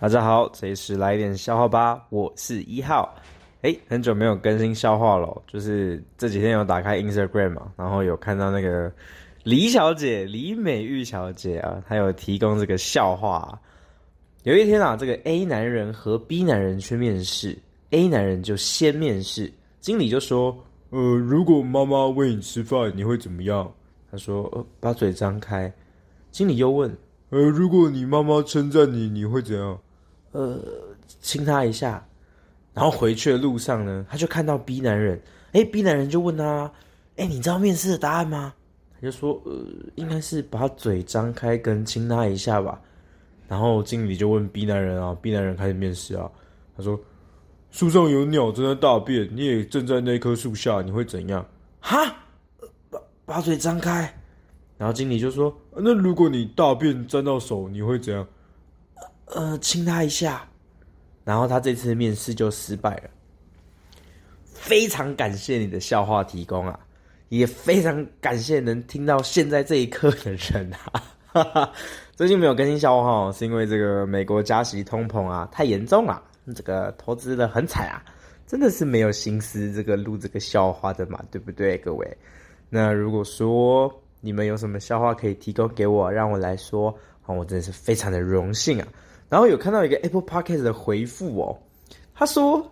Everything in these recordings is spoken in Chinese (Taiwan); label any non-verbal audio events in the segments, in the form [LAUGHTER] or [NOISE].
大家好，隨時來一點笑話吧。我是一號。哎、欸，很久沒有更新笑話了、喔，就是這幾天有打開 Instagram 嘛，然後有看到那個李小姐，李美玉小姐啊，她有提供這個笑話、啊。有一天啊，這個 A 男人和 B 男人去面試，A 男人就先面試，經理就說：“呃，如果媽媽餵你吃飯，你會怎麼樣？”他說：“呃，把嘴張開。”經理又問。呃，如果你媽媽稱讚你，你會怎樣？呃，親他一下。然後回去的路上呢，他就看到 B 男人。哎，B 男人就問他，哎，你知道面試的答案嗎？他就說，呃，應該是把嘴張開，跟親他一下吧。然後經理就問 B 男人啊，B 男人開始面試啊，他說，樹上有鳥正在大便，你也正在那棵樹下，你會怎樣？哈，呃、把把嘴張開。然後經理就說、啊：“那如果你大便沾到手，你會怎樣？呃，呃，親他一下。”然後他這次面試就失敗了。非常感謝你的笑話提供啊，也非常感謝能聽到現在這一刻的人啊。 [LAUGHS] 最近沒有更新笑話齁，是因為這個美國加息、通膨啊，太嚴重了，這個投資的很慘啊，真的是沒有心思這個錄這個笑話的嘛，對不對，各位？那如果說……你們有什麼笑話可以提供給我，讓我來說啊、哦，我真的是非常的榮幸啊。然後有看到一個 Apple Podcast 的回復哦，他說：“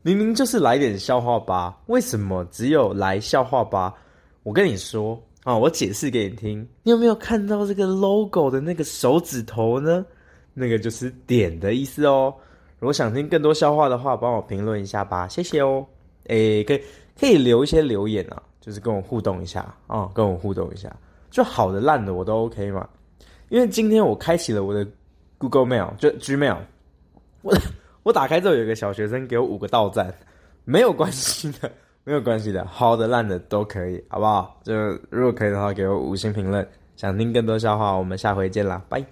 明明就是來點笑話吧，為什麼只有來笑話吧？”我跟你說啊、哦，我解釋給你聽。你有沒有看到這個 logo 的那個手指頭呢？那個就是點的意思哦。如果想聽更多笑話的話，幫我評論一下吧，謝謝哦。誒，可以，可以留一些留言啊。就是跟我互動一下啊、嗯，跟我互動一下，就好的、爛的我都 OK 嘛。因為今天我開啟了我的 Google Mail，就 Gmail，我我打開之後有個小學生給我五個倒讚，沒有關係的，沒有關係的，好的、爛的都可以，好不好？就如果可以的話，給我五星評論。想聽更多笑話，我們下回見啦，拜。